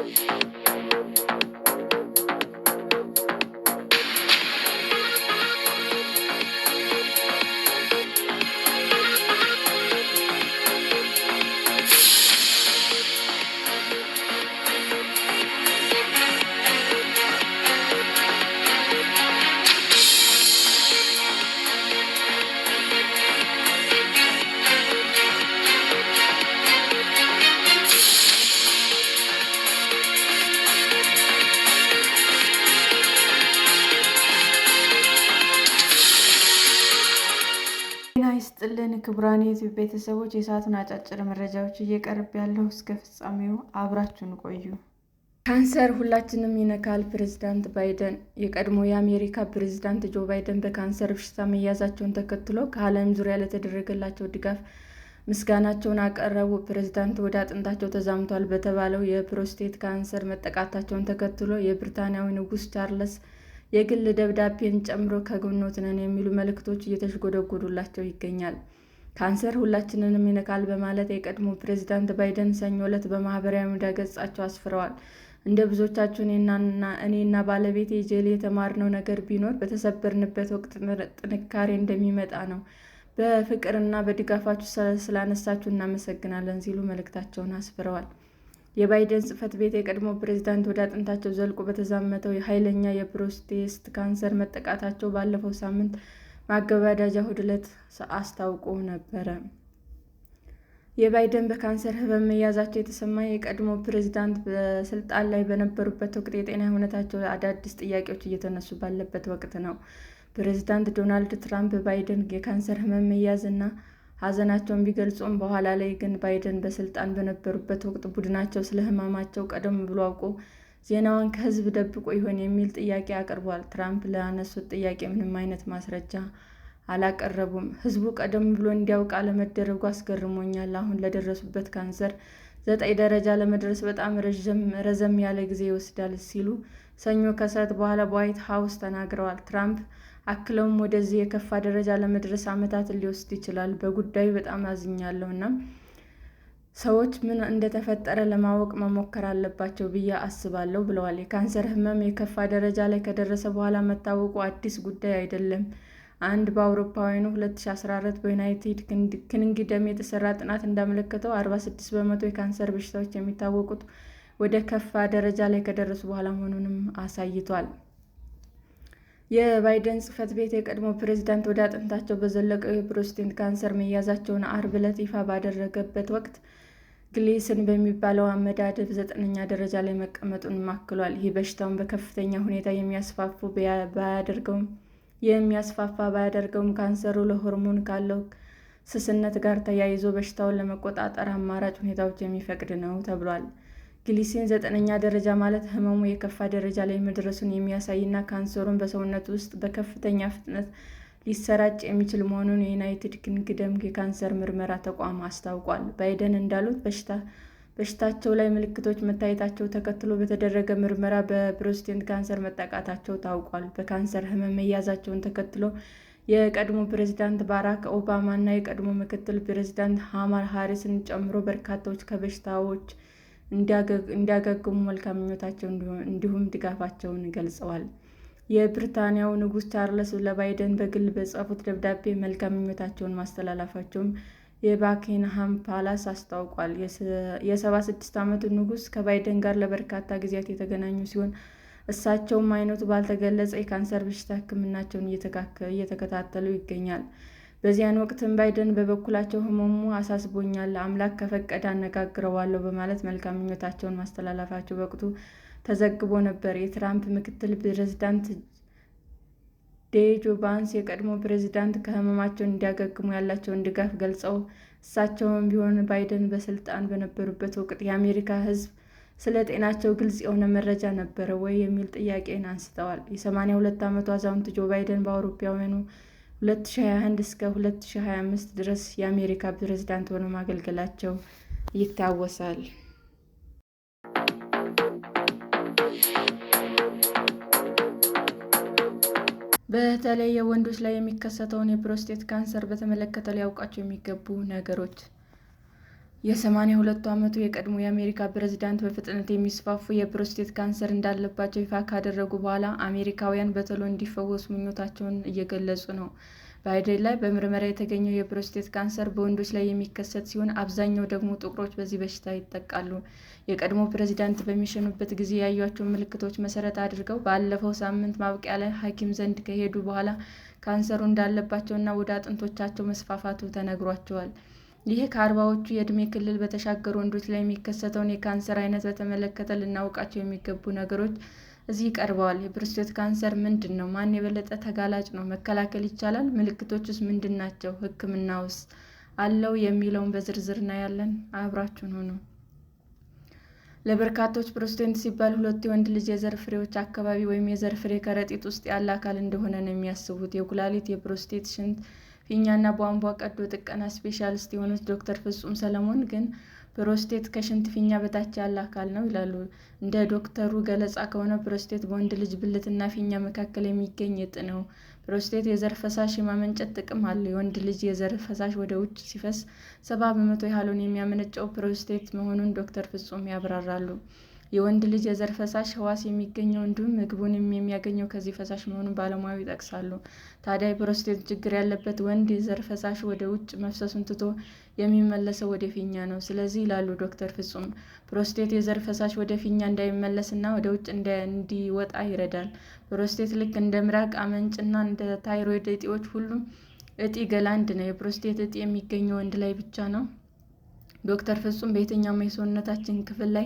Thank you. ይስጥልን ክቡራን የዩቲዩብ ቤተሰቦች የሰዓቱን አጫጭር መረጃዎች እየቀርብ ያለው እስከ ፍጻሜው አብራችሁን ቆዩ። ካንሰር ሁላችንም ይነካል። ፕሬዝዳንት ባይደን የቀድሞ የአሜሪካ ፕሬዝዳንት ጆ ባይደን በካንሰር በሽታ መያዛቸውን ተከትሎ ከዓለም ዙሪያ ለተደረገላቸው ድጋፍ ምስጋናቸውን አቀረቡ። ፕሬዚዳንት ወደ አጥንታቸው ተዛምቷል በተባለው የፕሮስቴት ካንሰር መጠቃታቸውን ተከትሎ የብሪታንያዊ ንጉሥ ቻርልስ የግል ደብዳቤን ጨምሮ ከጎኖት ነን የሚሉ መልእክቶች እየተሽጎደጎዱላቸው ይገኛል። ካንሰር ሁላችንንም ይነካል በማለት የቀድሞ ፕሬዚዳንት ባይደን ሰኞ ዕለት በማኅበራዊ ሚዲያ ገጻቸው አስፍረዋል። እንደ ብዙዎቻችሁ እኔና ባለቤቴ ጄሊ የተማርነው ነገር ቢኖር በተሰበርንበት ወቅት ጥንካሬ እንደሚመጣ ነው። በፍቅርና በድጋፋችሁ ስላነሳችሁ እናመሰግናለን ሲሉ መልእክታቸውን አስፍረዋል። የባይደን ጽፈት ቤት የቀድሞ ፕሬዝዳንት ወደ አጥንታቸው ዘልቆ በተዛመተው የኃይለኛ የፕሮስቴስት ካንሰር መጠቃታቸው ባለፈው ሳምንት ማገባደጃ እሁድ ዕለት አስታውቆ ነበረ። የባይደን በካንሰር ህመም መያዛቸው የተሰማ የቀድሞ ፕሬዝዳንት በስልጣን ላይ በነበሩበት ወቅት የጤና ሁኔታቸው አዳዲስ ጥያቄዎች እየተነሱ ባለበት ወቅት ነው። ፕሬዝዳንት ዶናልድ ትራምፕ ባይደን የካንሰር ህመም መያዝ እና ሀዘናቸውን ቢገልጹም በኋላ ላይ ግን ባይደን በስልጣን በነበሩበት ወቅት ቡድናቸው ስለ ሕመማቸው ቀደም ብሎ አውቆ ዜናውን ከሕዝብ ደብቆ ይሆን የሚል ጥያቄ አቅርቧል። ትራምፕ ላነሱት ጥያቄ ምንም አይነት ማስረጃ አላቀረቡም። ሕዝቡ ቀደም ብሎ እንዲያውቅ አለመደረጉ አስገርሞኛል። አሁን ለደረሱበት ካንሰር ዘጠኝ ደረጃ ለመድረስ በጣም ረዘም ያለ ጊዜ ይወስዳል ሲሉ ሰኞ ከሰዓት በኋላ በዋይት ሀውስ ተናግረዋል። ትራምፕ አክለውም ወደዚህ የከፋ ደረጃ ለመድረስ ዓመታት ሊወስድ ይችላል። በጉዳዩ በጣም አዝኛለሁ እና ሰዎች ምን እንደተፈጠረ ለማወቅ መሞከር አለባቸው ብዬ አስባለሁ ብለዋል። የካንሰር ህመም የከፋ ደረጃ ላይ ከደረሰ በኋላ መታወቁ አዲስ ጉዳይ አይደለም። አንድ በአውሮፓውያኑ 2014 በዩናይትድ ኪንግደም የተሰራ ጥናት እንዳመለከተው 46 በመቶ የካንሰር በሽታዎች የሚታወቁት ወደ ከፋ ደረጃ ላይ ከደረሱ በኋላ መሆኑንም አሳይቷል። የባይደን ጽህፈት ቤት የቀድሞ ፕሬዝዳንት ወደ አጥንታቸው በዘለቀው የፕሮስቴት ካንሰር መያዛቸውን ዓርብ ዕለት ይፋ ባደረገበት ወቅት ግሌሰን በሚባለው አመዳደብ ዘጠነኛ ደረጃ ላይ መቀመጡን አክሏል። ይህ በሽታውን በከፍተኛ ሁኔታ የሚያስፋፉ ባያደርገውም የሚያስፋፋ ባያደርገውም ካንሰሩ ለሆርሞን ካለው ስስነት ጋር ተያይዞ በሽታውን ለመቆጣጠር አማራጭ ሁኔታዎች የሚፈቅድ ነው ተብሏል። ግሊሲን ዘጠነኛ ደረጃ ማለት ህመሙ የከፋ ደረጃ ላይ መድረሱን የሚያሳይና ካንሰሩን በሰውነት ውስጥ በከፍተኛ ፍጥነት ሊሰራጭ የሚችል መሆኑን የዩናይትድ ኪንግደም የካንሰር ምርመራ ተቋም አስታውቋል። ባይደን እንዳሉት በሽታቸው ላይ ምልክቶች መታየታቸው ተከትሎ በተደረገ ምርመራ በፕሮስቴት ካንሰር መጠቃታቸው ታውቋል። በካንሰር ህመም መያዛቸውን ተከትሎ የቀድሞ ፕሬዝዳንት ባራክ ኦባማ እና የቀድሞ ምክትል ፕሬዝዳንት ሃማል ሃሪስን ጨምሮ በርካታዎች ከበሽታዎች እንዲያገግሙ መልካም ምኞታቸው እንዲሁም ድጋፋቸውን ገልጸዋል። የብሪታንያው ንጉሥ ቻርልስ ለባይደን በግል በጻፉት ደብዳቤ መልካም ምኞታቸውን ማስተላለፋቸውን የባኪንሃም ፓላስ አስታውቋል። የሰ76ድስት ዓመቱ ንጉሥ ከባይደን ጋር ለበርካታ ጊዜያት የተገናኙ ሲሆን እሳቸውም አይነቱ ባልተገለጸ የካንሰር በሽታ ሕክምናቸውን እየተከታተሉ ይገኛል። በዚያን ወቅትም ባይደን በበኩላቸው ሕመሙ አሳስቦኛል፣ አምላክ ከፈቀደ አነጋግረዋለሁ በማለት መልካም ምኞታቸውን ማስተላለፋቸው በወቅቱ ተዘግቦ ነበር። የትራምፕ ምክትል ፕሬዝዳንት ጄዲ የቀድሞ ፕሬዝዳንት ከህመማቸውን እንዲያገግሙ ያላቸውን ድጋፍ ገልጸው እሳቸውም ቢሆን ባይደን በስልጣን በነበሩበት ወቅት የአሜሪካ ሕዝብ ስለ ጤናቸው ግልጽ የሆነ መረጃ ነበረ ወይ የሚል ጥያቄን አንስተዋል። የ82 ዓመቱ አዛውንት ጆ ባይደን በአውሮፓውያኑ 2021 እስከ 2025 ድረስ የአሜሪካ ፕሬዝዳንት ሆነው ማገልገላቸው ይታወሳል። በተለይ የወንዶች ላይ የሚከሰተውን የፕሮስቴት ካንሰር በተመለከተ ሊያውቃቸው የሚገቡ ነገሮች የ ሁለቱ ዓመቱ የቀድሞ የአሜሪካ ፕሬዝዳንት በፍጥነት የሚስፋፉ የፕሮስቴት ካንሰር እንዳለባቸው ይፋ ካደረጉ በኋላ አሜሪካውያን በቶሎ እንዲፈወሱ ምኞታቸውን እየገለጹ ነው። ባይደን ላይ በምርመራ የተገኘው የፕሮስቴት ካንሰር በወንዶች ላይ የሚከሰት ሲሆን አብዛኛው ደግሞ ጥቁሮች በዚህ በሽታ ይጠቃሉ። የቀድሞ ፕሬዝዳንት በሚሸኑበት ጊዜ ያዩአቸውን ምልክቶች መሠረት አድርገው ባለፈው ሳምንት ማብቂያ ላይ ሐኪም ዘንድ ከሄዱ በኋላ ካንሰሩ እንዳለባቸውና ወደ አጥንቶቻቸው መስፋፋቱ ተነግሯቸዋል። ይህ ከአርባዎቹ የዕድሜ ክልል በተሻገሩ ወንዶች ላይ የሚከሰተውን የካንሰር አይነት በተመለከተ ልናውቃቸው የሚገቡ ነገሮች እዚህ ቀርበዋል። የፕሮስቴት ካንሰር ምንድን ነው? ማን የበለጠ ተጋላጭ ነው? መከላከል ይቻላል? ምልክቶቹስ ምንድን ናቸው? ሕክምናውስ አለው? የሚለውን በዝርዝር እናያለን። አብራችሁን ሁኑ። ለበርካቶች ፕሮስቴት ሲባል ሁለት የወንድ ልጅ የዘር ፍሬዎች አካባቢ ወይም የዘር ፍሬ ከረጢት ውስጥ ያለ አካል እንደሆነ ነው የሚያስቡት። የኩላሊት፣ የፕሮስቴት፣ ሽንት ፊኛና ቧንቧ ቀዶ ጥገና ስፔሻሊስት የሆኑት ዶክተር ፍጹም ሰለሞን ግን ፕሮስቴት ከሽንት ፊኛ በታች ያለ አካል ነው ይላሉ። እንደ ዶክተሩ ገለጻ ከሆነ ፕሮስቴት በወንድ ልጅ ብልትና ፊኛ መካከል የሚገኝ እጢ ነው። ፕሮስቴት የዘር ፈሳሽ የማመንጨት ጥቅም አለው። የወንድ ልጅ የዘር ፈሳሽ ወደ ውጭ ሲፈስ ሰባ በመቶ ያህሉን የሚያመነጨው ፕሮስቴት መሆኑን ዶክተር ፍጹም ያብራራሉ። የወንድ ልጅ የዘር ፈሳሽ ህዋስ የሚገኘው እንዲሁም ምግቡንም የሚያገኘው ከዚህ ፈሳሽ መሆኑን ባለሙያው ይጠቅሳሉ። ታዲያ የፕሮስቴት ችግር ያለበት ወንድ የዘር ፈሳሽ ወደ ውጭ መፍሰሱን ትቶ የሚመለሰው ወደ ፊኛ ነው። ስለዚህ ይላሉ ዶክተር ፍጹም ፕሮስቴት የዘር ፈሳሽ ወደ ፊኛ እንዳይመለስና ወደ ውጭ እንዲወጣ ይረዳል። ፕሮስቴት ልክ እንደ ምራቅ፣ አመንጭና እንደ ታይሮይድ እጢዎች ሁሉም እጢ ገላንድ ነው። የፕሮስቴት እጢ የሚገኘው ወንድ ላይ ብቻ ነው። ዶክተር ፍጹም በየትኛውም የሰውነታችን ክፍል ላይ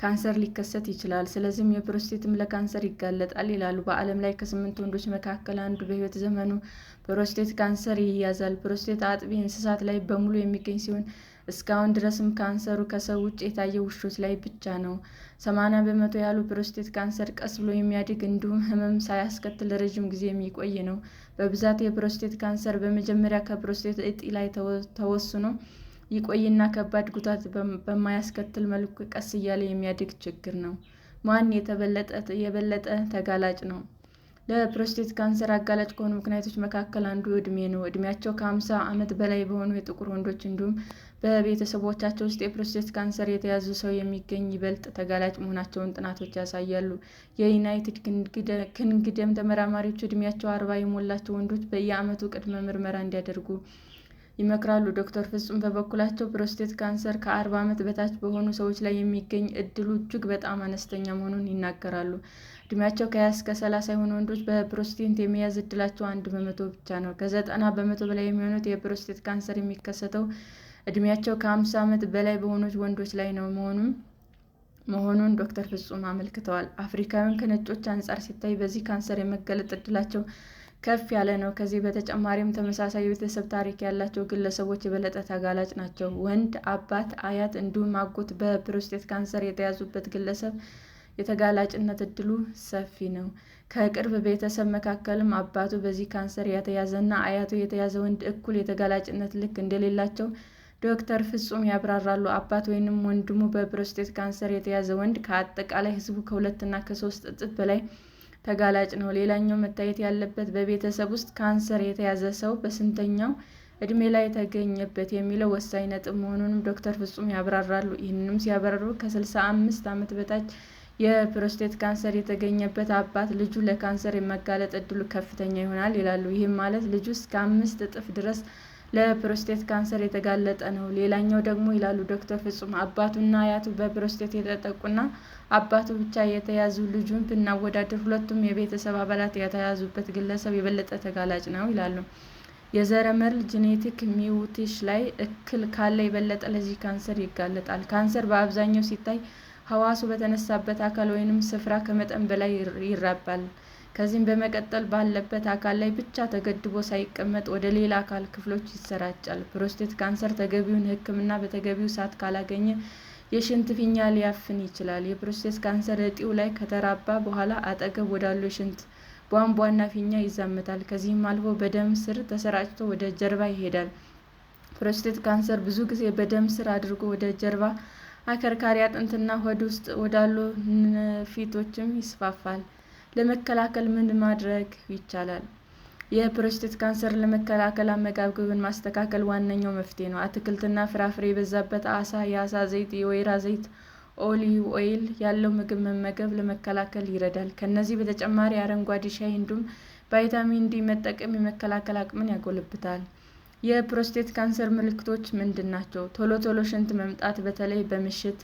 ካንሰር ሊከሰት ይችላል። ስለዚህም የፕሮስቴትም ለካንሰር ይጋለጣል ይላሉ። በዓለም ላይ ከስምንት ወንዶች መካከል አንዱ በህይወት ዘመኑ ፕሮስቴት ካንሰር ይያዛል። ፕሮስቴት አጥቢ እንስሳት ላይ በሙሉ የሚገኝ ሲሆን እስካሁን ድረስም ካንሰሩ ከሰው ውጭ የታየው ውሾች ላይ ብቻ ነው። ሰማንያ በመቶ ያሉ ፕሮስቴት ካንሰር ቀስ ብሎ የሚያድግ እንዲሁም ህመም ሳያስከትል ረዥም ጊዜ የሚቆይ ነው። በብዛት የፕሮስቴት ካንሰር በመጀመሪያ ከፕሮስቴት እጢ ላይ ተወስኖ ይቆይና ከባድ ጉዳት በማያስከትል መልኩ ቀስ እያለ የሚያድግ ችግር ነው። ማን የበለጠ ተጋላጭ ነው? ለፕሮስቴት ካንሰር አጋላጭ ከሆኑ ምክንያቶች መካከል አንዱ እድሜ ነው። እድሜያቸው ከአምሳ ዓመት በላይ በሆኑ የጥቁር ወንዶች እንዲሁም በቤተሰቦቻቸው ውስጥ የፕሮስቴት ካንሰር የተያዙ ሰው የሚገኝ ይበልጥ ተጋላጭ መሆናቸውን ጥናቶች ያሳያሉ። የዩናይትድ ክንግደም ተመራማሪዎች እድሜያቸው አርባ የሞላቸው ወንዶች በየዓመቱ ቅድመ ምርመራ እንዲያደርጉ ይመክራሉ። ዶክተር ፍጹም በበኩላቸው ፕሮስቴት ካንሰር ከ ከ40 ዓመት በታች በሆኑ ሰዎች ላይ የሚገኝ እድሉ እጅግ በጣም አነስተኛ መሆኑን ይናገራሉ። ከ20 እስከ 30 የሆኑ ወንዶች በፕሮስቴት የመያዝ እድላቸው አንድ በመቶ ብቻ ነው። ከዘጠና በመቶ በላይ የሚሆኑት የፕሮስቴት ካንሰር የሚከሰተው ከ50 ዓመት በላይ በሆኑ ወንዶች ላይ ነው መሆኑን መሆኑን ዶክተር ፍጹም አመልክተዋል። አፍሪካውያን ከነጮች አንጻር ሲታይ በዚህ ካንሰር የመገለጥ እድላቸው ከፍ ያለ ነው። ከዚህ በተጨማሪም ተመሳሳይ የቤተሰብ ታሪክ ያላቸው ግለሰቦች የበለጠ ተጋላጭ ናቸው። ወንድ አባት፣ አያት እንዲሁም አጎት በፕሮስቴት ካንሰር የተያዙበት ግለሰብ የተጋላጭነት እድሉ ሰፊ ነው። ከቅርብ ቤተሰብ መካከልም አባቱ በዚህ ካንሰር የተያዘና አያቱ የተያዘ ወንድ እኩል የተጋላጭነት ልክ እንደሌላቸው ዶክተር ፍጹም ያብራራሉ። አባት ወይንም ወንድሙ በፕሮስቴት ካንሰር የተያዘ ወንድ ከአጠቃላይ ህዝቡ ከሁለትና ከሶስት እጥፍ በላይ ተጋላጭ ነው። ሌላኛው መታየት ያለበት በቤተሰብ ውስጥ ካንሰር የተያዘ ሰው በስንተኛው እድሜ ላይ ተገኘበት የሚለው ወሳኝ ነጥብ መሆኑንም ዶክተር ፍጹም ያብራራሉ። ይህንንም ሲያብራሩ ከ65 ዓመት በታች የፕሮስቴት ካንሰር የተገኘበት አባት ልጁ ለካንሰር የመጋለጥ እድሉ ከፍተኛ ይሆናል ይላሉ። ይህም ማለት ልጁ እስከ አምስት እጥፍ ድረስ ለፕሮስቴት ካንሰር የተጋለጠ ነው። ሌላኛው ደግሞ ይላሉ ዶክተር ፍጹም አባቱና አያቱ በፕሮስቴት የተጠቁና አባቱ ብቻ የተያዙ ልጁን ብናወዳደር ሁለቱም የቤተሰብ አባላት የተያዙበት ግለሰብ የበለጠ ተጋላጭ ነው ይላሉ። የዘረመል ጄኔቲክ ሚውቴሽ ላይ እክል ካለ የበለጠ ለዚህ ካንሰር ይጋለጣል። ካንሰር በአብዛኛው ሲታይ ህዋሱ በተነሳበት አካል ወይንም ስፍራ ከመጠን በላይ ይራባል። ከዚህም በመቀጠል ባለበት አካል ላይ ብቻ ተገድቦ ሳይቀመጥ ወደ ሌላ አካል ክፍሎች ይሰራጫል። ፕሮስቴት ካንሰር ተገቢውን ሕክምና በተገቢው ሰዓት ካላገኘ የሽንት ፊኛ ሊያፍን ይችላል። የፕሮስቴት ካንሰር እጢው ላይ ከተራባ በኋላ አጠገብ ወዳሉ የሽንት ቧንቧና ፊኛ ይዛመታል። ከዚህም አልፎ በደም ስር ተሰራጭቶ ወደ ጀርባ ይሄዳል። ፕሮስቴት ካንሰር ብዙ ጊዜ በደም ስር አድርጎ ወደ ጀርባ አከርካሪ አጥንትና ሆድ ውስጥ ወዳሉ ንፊቶችም ይስፋፋል። ለመከላከል ምን ማድረግ ይቻላል? የፕሮስቴት ካንሰር ለመከላከል አመጋገብን ማስተካከል ዋነኛው መፍትሄ ነው። አትክልትና ፍራፍሬ የበዛበት አሳ፣ የአሳ ዘይት፣ የወይራ ዘይት፣ ኦሊቭ ኦይል ያለው ምግብ መመገብ ለመከላከል ይረዳል። ከነዚህ በተጨማሪ አረንጓዴ ሻይ እንዲሁም ቫይታሚን ዲ መጠቀም የመከላከል አቅምን ያጎለብታል። የፕሮስቴት ካንሰር ምልክቶች ምንድን ናቸው? ቶሎ ቶሎ ሽንት መምጣት፣ በተለይ በምሽት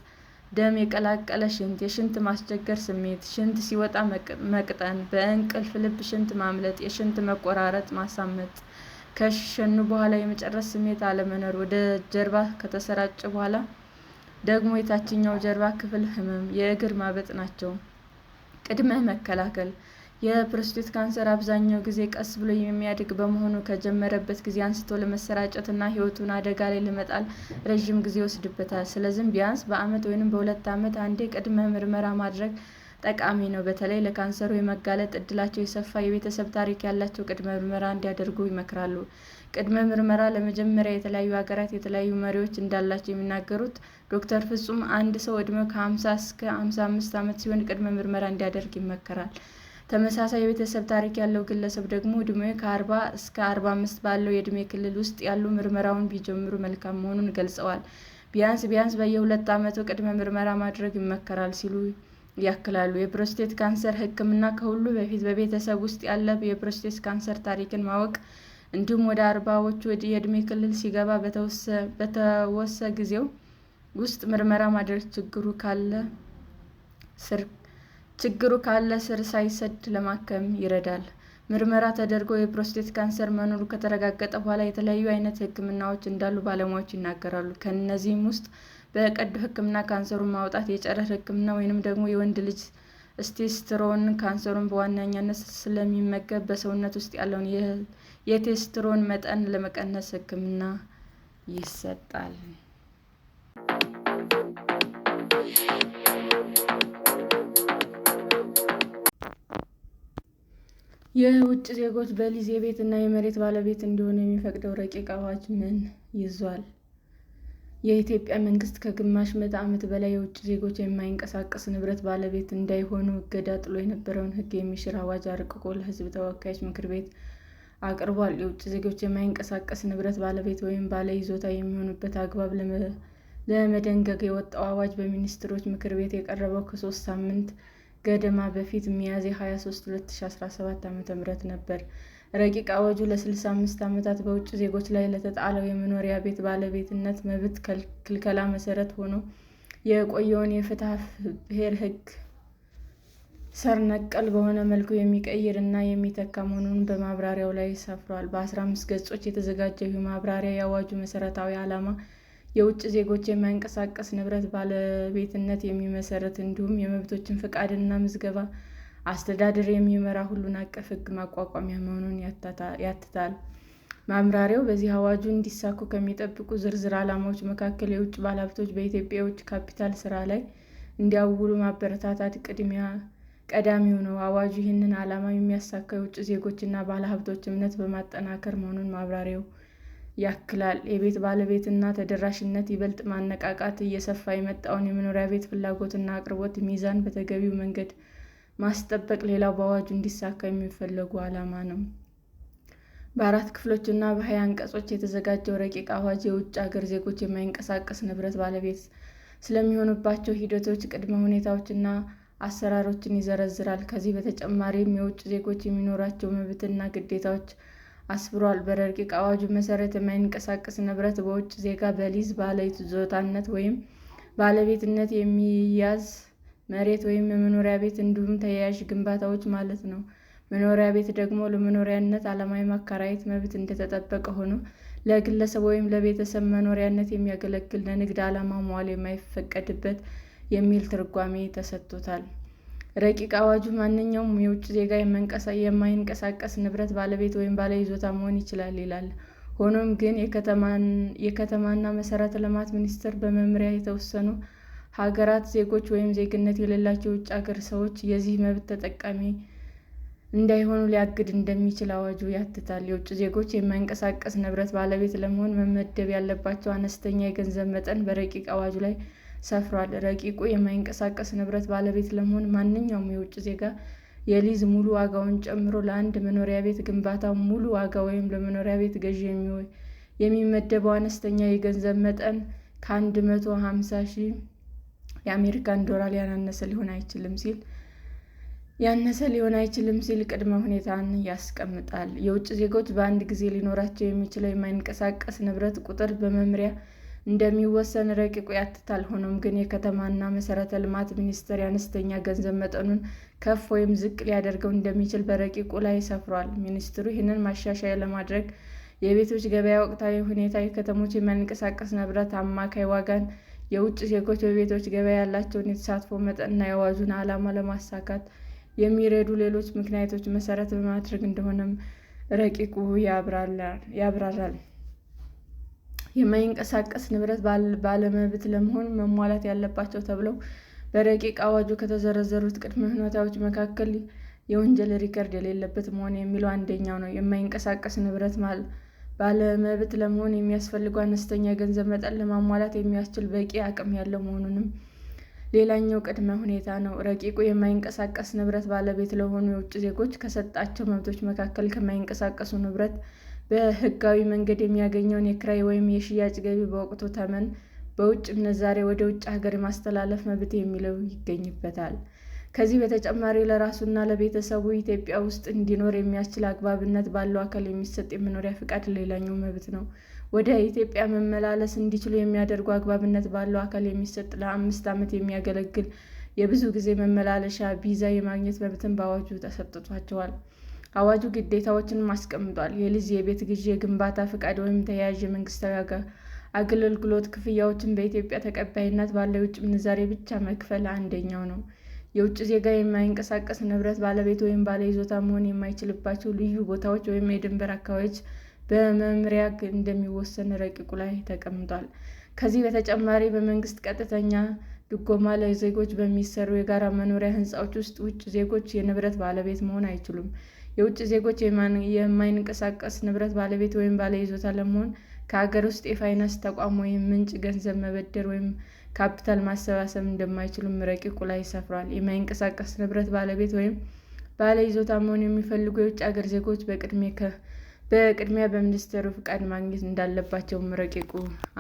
ደም የቀላቀለ ሽንት፣ የሽንት ማስቸገር ስሜት፣ ሽንት ሲወጣ መቅጠን፣ በእንቅልፍ ልብ ሽንት ማምለጥ፣ የሽንት መቆራረጥ፣ ማሳመጥ፣ ከሸኑ በኋላ የመጨረስ ስሜት አለመኖር፣ ወደ ጀርባ ከተሰራጨ በኋላ ደግሞ የታችኛው ጀርባ ክፍል ህመም፣ የእግር ማበጥ ናቸው። ቅድመ መከላከል የፕሮስቴት ካንሰር አብዛኛው ጊዜ ቀስ ብሎ የሚያድግ በመሆኑ ከጀመረበት ጊዜ አንስቶ ለመሰራጨትና ህይወቱን አደጋ ላይ ለመጣል ረዥም ጊዜ ይወስድበታል። ስለዚህም ቢያንስ በአመት ወይም በሁለት ዓመት አንዴ ቅድመ ምርመራ ማድረግ ጠቃሚ ነው። በተለይ ለካንሰሩ የመጋለጥ እድላቸው የሰፋ የቤተሰብ ታሪክ ያላቸው ቅድመ ምርመራ እንዲያደርጉ ይመክራሉ። ቅድመ ምርመራ ለመጀመሪያ የተለያዩ ሀገራት የተለያዩ መሪዎች እንዳላቸው የሚናገሩት ዶክተር ፍጹም አንድ ሰው እድሜው ከ50 እስከ 55 ዓመት ሲሆን ቅድመ ምርመራ እንዲያደርግ ይመከራል። ተመሳሳይ የቤተሰብ ታሪክ ያለው ግለሰብ ደግሞ ከ ከአርባ እስከ አርባ አምስት ባለው የእድሜ ክልል ውስጥ ያሉ ምርመራውን ቢጀምሩ መልካም መሆኑን ገልጸዋል። ቢያንስ ቢያንስ በየሁለት ዓመቱ ቅድመ ምርመራ ማድረግ ይመከራል ሲሉ ያክላሉ። የፕሮስቴት ካንሰር ሕክምና ከሁሉ በፊት በቤተሰብ ውስጥ ያለ የፕሮስቴት ካንሰር ታሪክን ማወቅ እንዲሁም ወደ አርባዎቹ የዕድሜ ክልል ሲገባ በተወሰ ጊዜው ውስጥ ምርመራ ማድረግ ችግሩ ካለ ስር ችግሩ ካለ ስር ሳይሰድ ለማከም ይረዳል። ምርመራ ተደርጎ የፕሮስቴት ካንሰር መኖሩ ከተረጋገጠ በኋላ የተለያዩ አይነት ህክምናዎች እንዳሉ ባለሙያዎች ይናገራሉ። ከእነዚህም ውስጥ በቀዶ ህክምና ካንሰሩን ማውጣት፣ የጨረር ህክምና ወይንም ደግሞ የወንድ ልጅ ቴስቶስትሮን ካንሰሩን በዋነኛነት ስለሚመገብ በሰውነት ውስጥ ያለውን የቴስቶስትሮን መጠን ለመቀነስ ህክምና ይሰጣል። የውጭ ዜጎች በሊዝ የቤት እና የመሬት ባለቤት እንዲሆኑ የሚፈቅደው ረቂቅ አዋጅ ምን ይዟል? የኢትዮጵያ መንግሥት ከግማሽ ምዕተ ዓመት በላይ የውጭ ዜጎች የማይንቀሳቀስ ንብረት ባለቤት እንዳይሆኑ እገዳ ጥሎ የነበረውን ሕግ የሚሽር አዋጅ አርቅቆ ለሕዝብ ተወካዮች ምክር ቤት አቅርቧል። የውጭ ዜጎች የማይንቀሳቀስ ንብረት ባለቤት ወይም ባለ ይዞታ የሚሆኑበት አግባብ ለመደንገግ የወጣው አዋጅ በሚኒስትሮች ምክር ቤት የቀረበው ከሶስት ሳምንት ገደማ በፊት ሚያዝያ 23 2017 ዓ.ም ነበር ረቂቅ አዋጁ ለ65 ዓመታት በውጭ ዜጎች ላይ ለተጣለው የመኖሪያ ቤት ባለቤትነት መብት ክልከላ መሠረት ሆኖ የቆየውን የፍትሐ ብሔር ሕግ ሥር ነቀል በሆነ መልኩ የሚቀይር እና የሚተካ መሆኑን በማብራሪያው ላይ ሰፍሯል። በ15 ገጾች የተዘጋጀው ማብራሪያ የአዋጁ መሠረታዊ ዓላማ የውጭ ዜጎች የማይንቀሳቀስ ንብረት ባለቤትነት የሚመሰረት እንዲሁም የመብቶችን ፈቃድና ምዝገባ አስተዳደር የሚመራ ሁሉን አቀፍ ሕግ ማቋቋሚያ መሆኑን ያትታል። ማምራሪያው በዚህ አዋጁ እንዲሳኩ ከሚጠብቁ ዝርዝር ዓላማዎች መካከል የውጭ ባለሀብቶች በኢትዮጵያ የውጭ ካፒታል ስራ ላይ እንዲያውሉ ማበረታታት ቅድሚያ ቀዳሚው ነው። አዋጁ ይህንን ዓላማ የሚያሳካ የውጭ ዜጎችና ባለሀብቶች እምነት በማጠናከር መሆኑን ማብራሪያው ያክላል። የቤት ባለቤትና ተደራሽነት ይበልጥ ማነቃቃት እየሰፋ የመጣውን የመኖሪያ ቤት ፍላጎትና አቅርቦት ሚዛን በተገቢው መንገድ ማስጠበቅ ሌላው በአዋጁ እንዲሳካ የሚፈለጉ ዓላማ ነው። በአራት ክፍሎች እና በሀያ አንቀጾች የተዘጋጀው ረቂቅ አዋጅ የውጭ አገር ዜጎች የማይንቀሳቀስ ንብረት ባለቤት ስለሚሆኑባቸው ሂደቶች፣ ቅድመ ሁኔታዎችና አሰራሮችን ይዘረዝራል። ከዚህ በተጨማሪም የውጭ ዜጎች የሚኖራቸው መብትና ግዴታዎች አስብሯል። በረቂቅ አዋጁ መሰረት የማይንቀሳቀስ ንብረት በውጭ ዜጋ በሊዝ ባለይዞታነት ወይም ባለቤትነት የሚያዝ መሬት ወይም የመኖሪያ ቤት እንዲሁም ተያያዥ ግንባታዎች ማለት ነው። መኖሪያ ቤት ደግሞ ለመኖሪያነት ዓላማዊ ማከራየት መብት እንደተጠበቀ ሆኖ ለግለሰብ ወይም ለቤተሰብ መኖሪያነት የሚያገለግል ለንግድ ዓላማ መዋል የማይፈቀድበት የሚል ትርጓሜ ተሰጥቶታል። ረቂቅ አዋጁ ማንኛውም የውጭ ዜጋ የማይንቀሳቀስ ንብረት ባለቤት ወይም ባለይዞታ መሆን ይችላል ይላል። ሆኖም ግን የከተማና መሰረተ ልማት ሚኒስቴር በመምሪያ የተወሰኑ ሀገራት ዜጎች ወይም ዜግነት የሌላቸው የውጭ ሀገር ሰዎች የዚህ መብት ተጠቃሚ እንዳይሆኑ ሊያግድ እንደሚችል አዋጁ ያትታል። የውጭ ዜጎች የማይንቀሳቀስ ንብረት ባለቤት ለመሆን መመደብ ያለባቸው አነስተኛ የገንዘብ መጠን በረቂቅ አዋጁ ላይ ሰፍሯል። ረቂቁ የማይንቀሳቀስ ንብረት ባለቤት ለመሆን ማንኛውም የውጭ ዜጋ የሊዝ ሙሉ ዋጋውን ጨምሮ ለአንድ መኖሪያ ቤት ግንባታ ሙሉ ዋጋ ወይም ለመኖሪያ ቤት ገዢ የሚመደበው አነስተኛ የገንዘብ መጠን ከአንድ መቶ ሀምሳ ሺህ የአሜሪካን ዶላር ያነሰ ሊሆን አይችልም ሲል ያነሰ ሊሆን አይችልም ሲል ቅድመ ሁኔታን ያስቀምጣል። የውጭ ዜጎች በአንድ ጊዜ ሊኖራቸው የሚችለው የማይንቀሳቀስ ንብረት ቁጥር በመምሪያ እንደሚወሰን ረቂቁ ያትታል። ሆኖም ግን የከተማና መሰረተ ልማት ሚኒስቴር የአነስተኛ ገንዘብ መጠኑን ከፍ ወይም ዝቅ ሊያደርገው እንደሚችል በረቂቁ ላይ ሰፍሯል። ሚኒስቴሩ ይህንን ማሻሻያ ለማድረግ የቤቶች ገበያ ወቅታዊ ሁኔታ፣ የከተሞች የሚያንቀሳቀስ ንብረት አማካይ ዋጋን፣ የውጭ ዜጎች በቤቶች ገበያ ያላቸውን የተሳትፎ መጠንና የዋዙን ዓላማ ለማሳካት የሚረዱ ሌሎች ምክንያቶች መሰረት በማድረግ እንደሆነም ረቂቁ ያብራራል። የማይንቀሳቀስ ንብረት ባለመብት ለመሆን መሟላት ያለባቸው ተብለው በረቂቅ አዋጁ ከተዘረዘሩት ቅድመ ሁኔታዎች መካከል የወንጀል ሪከርድ የሌለበት መሆን የሚለው አንደኛው ነው። የማይንቀሳቀስ ንብረት ባለመብት ለመሆን የሚያስፈልገው አነስተኛ የገንዘብ መጠን ለማሟላት የሚያስችል በቂ አቅም ያለው መሆኑንም ሌላኛው ቅድመ ሁኔታ ነው። ረቂቁ የማይንቀሳቀስ ንብረት ባለቤት ለሆኑ የውጭ ዜጎች ከሰጣቸው መብቶች መካከል ከማይንቀሳቀሱ ንብረት በህጋዊ መንገድ የሚያገኘውን የክራይ ወይም የሽያጭ ገቢ በወቅቱ ተመን በውጭ ምንዛሬ ወደ ውጭ ሀገር የማስተላለፍ መብት የሚለው ይገኝበታል። ከዚህ በተጨማሪ ለራሱና ለቤተሰቡ ኢትዮጵያ ውስጥ እንዲኖር የሚያስችል አግባብነት ባለው አካል የሚሰጥ የመኖሪያ ፍቃድ ሌላኛው መብት ነው። ወደ ኢትዮጵያ መመላለስ እንዲችሉ የሚያደርጉ አግባብነት ባለው አካል የሚሰጥ ለአምስት ዓመት የሚያገለግል የብዙ ጊዜ መመላለሻ ቪዛ የማግኘት መብትም በአዋጁ ተሰጥቷቸዋል። አዋጁ ግዴታዎችን አስቀምጧል። የልጅ የቤት ግዢ፣ የግንባታ ፈቃድ ወይም ተያያዥ የመንግስታዊ አገልግሎት ክፍያዎችን በኢትዮጵያ ተቀባይነት ባለው የውጭ ምንዛሪ ብቻ መክፈል አንደኛው ነው። የውጭ ዜጋ የማይንቀሳቀስ ንብረት ባለቤት ወይም ባለይዞታ መሆን የማይችልባቸው ልዩ ቦታዎች ወይም የድንበር አካባቢዎች በመምሪያ እንደሚወሰን ረቂቁ ላይ ተቀምጧል። ከዚህ በተጨማሪ በመንግስት ቀጥተኛ ድጎማ ለዜጎች በሚሰሩ የጋራ መኖሪያ ሕንፃዎች ውስጥ ውጭ ዜጎች የንብረት ባለቤት መሆን አይችሉም። የውጭ ዜጎች የማይንቀሳቀስ ንብረት ባለቤት ወይም ባለይዞታ ለመሆን ከሀገር ውስጥ የፋይናንስ ተቋም ወይም ምንጭ ገንዘብ መበደር ወይም ካፒታል ማሰባሰብ እንደማይችሉም ረቂቁ ላይ ሰፍሯል። የማይንቀሳቀስ ንብረት ባለቤት ወይም ባለይዞታ መሆን የሚፈልጉ የውጭ ሀገር ዜጎች በቅድሚያ በሚኒስቴሩ ፍቃድ ማግኘት እንዳለባቸውም ረቂቁ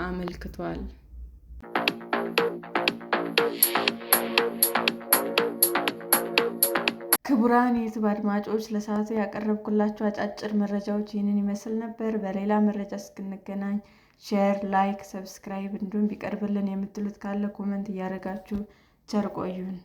አመልክቷል። ክቡራን የዩቱብ አድማጮች ለሰዓቱ ያቀረብኩላችሁ አጫጭር መረጃዎች ይህንን ይመስል ነበር። በሌላ መረጃ እስክንገናኝ ሼር፣ ላይክ፣ ሰብስክራይብ እንዲሁም ቢቀርብልን የምትሉት ካለ ኮመንት እያደረጋችሁ ቸር ቆዩን።